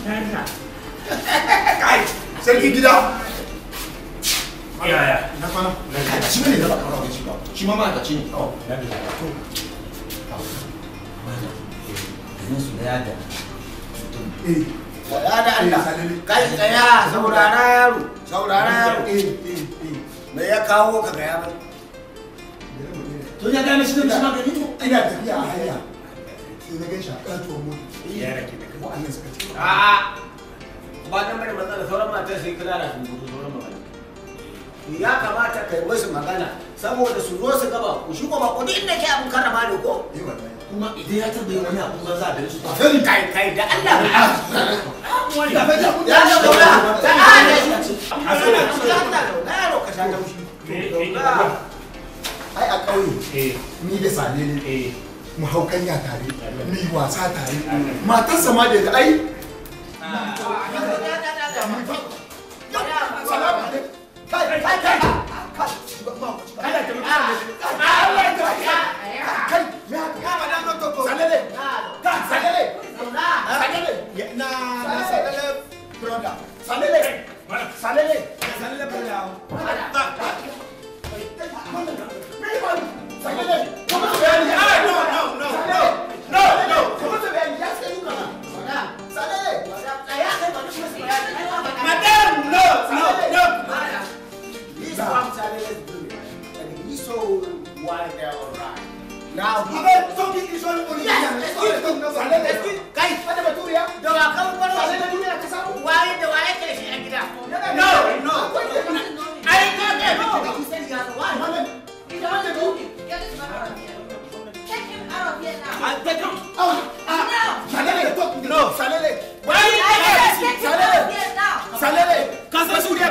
kai sarki gida yaya na kwana shi ne da ba shi ba shi ma ta ci ne oh eh, da to su da yada eh da Allah eh, kai tsaya yaro yaro eh, eh eh me ya kawo ka ga to ya ga mishi da magani ina tafiya a hanya sai na gan shi a katuwar mota eh, ya rake da kuma suka ce a ba dan bane matsala sauran mata sai kira da sun gudu sauran magana ya kamata kai musu magana saboda su zo su gaba ku shi kuma kudi inda ke abun karama ne ko eh, kuma idan ya tabbai wani abun banza da su ba kan kai kai da Allah ba wani da fata ku da Allah da Allah a sanar da Allah na yaro ka sha taushi ai a ƙauye eh. ni da sale ne mahaukanya tare mai wasa tare matarsa ma da ai Salele! Salele! Salele! no, no. no. This farm challenge is brilliant. And he's so wide there, all right. Now, he was talking to Sean Bonnie. Yes, let's do it. Let's do it. Guys, what about you? No, I can't go to Why the wire cash? No, no. I can't get it. He said he has a wire. He doesn't do it. Take him out of here now. I'll take him out.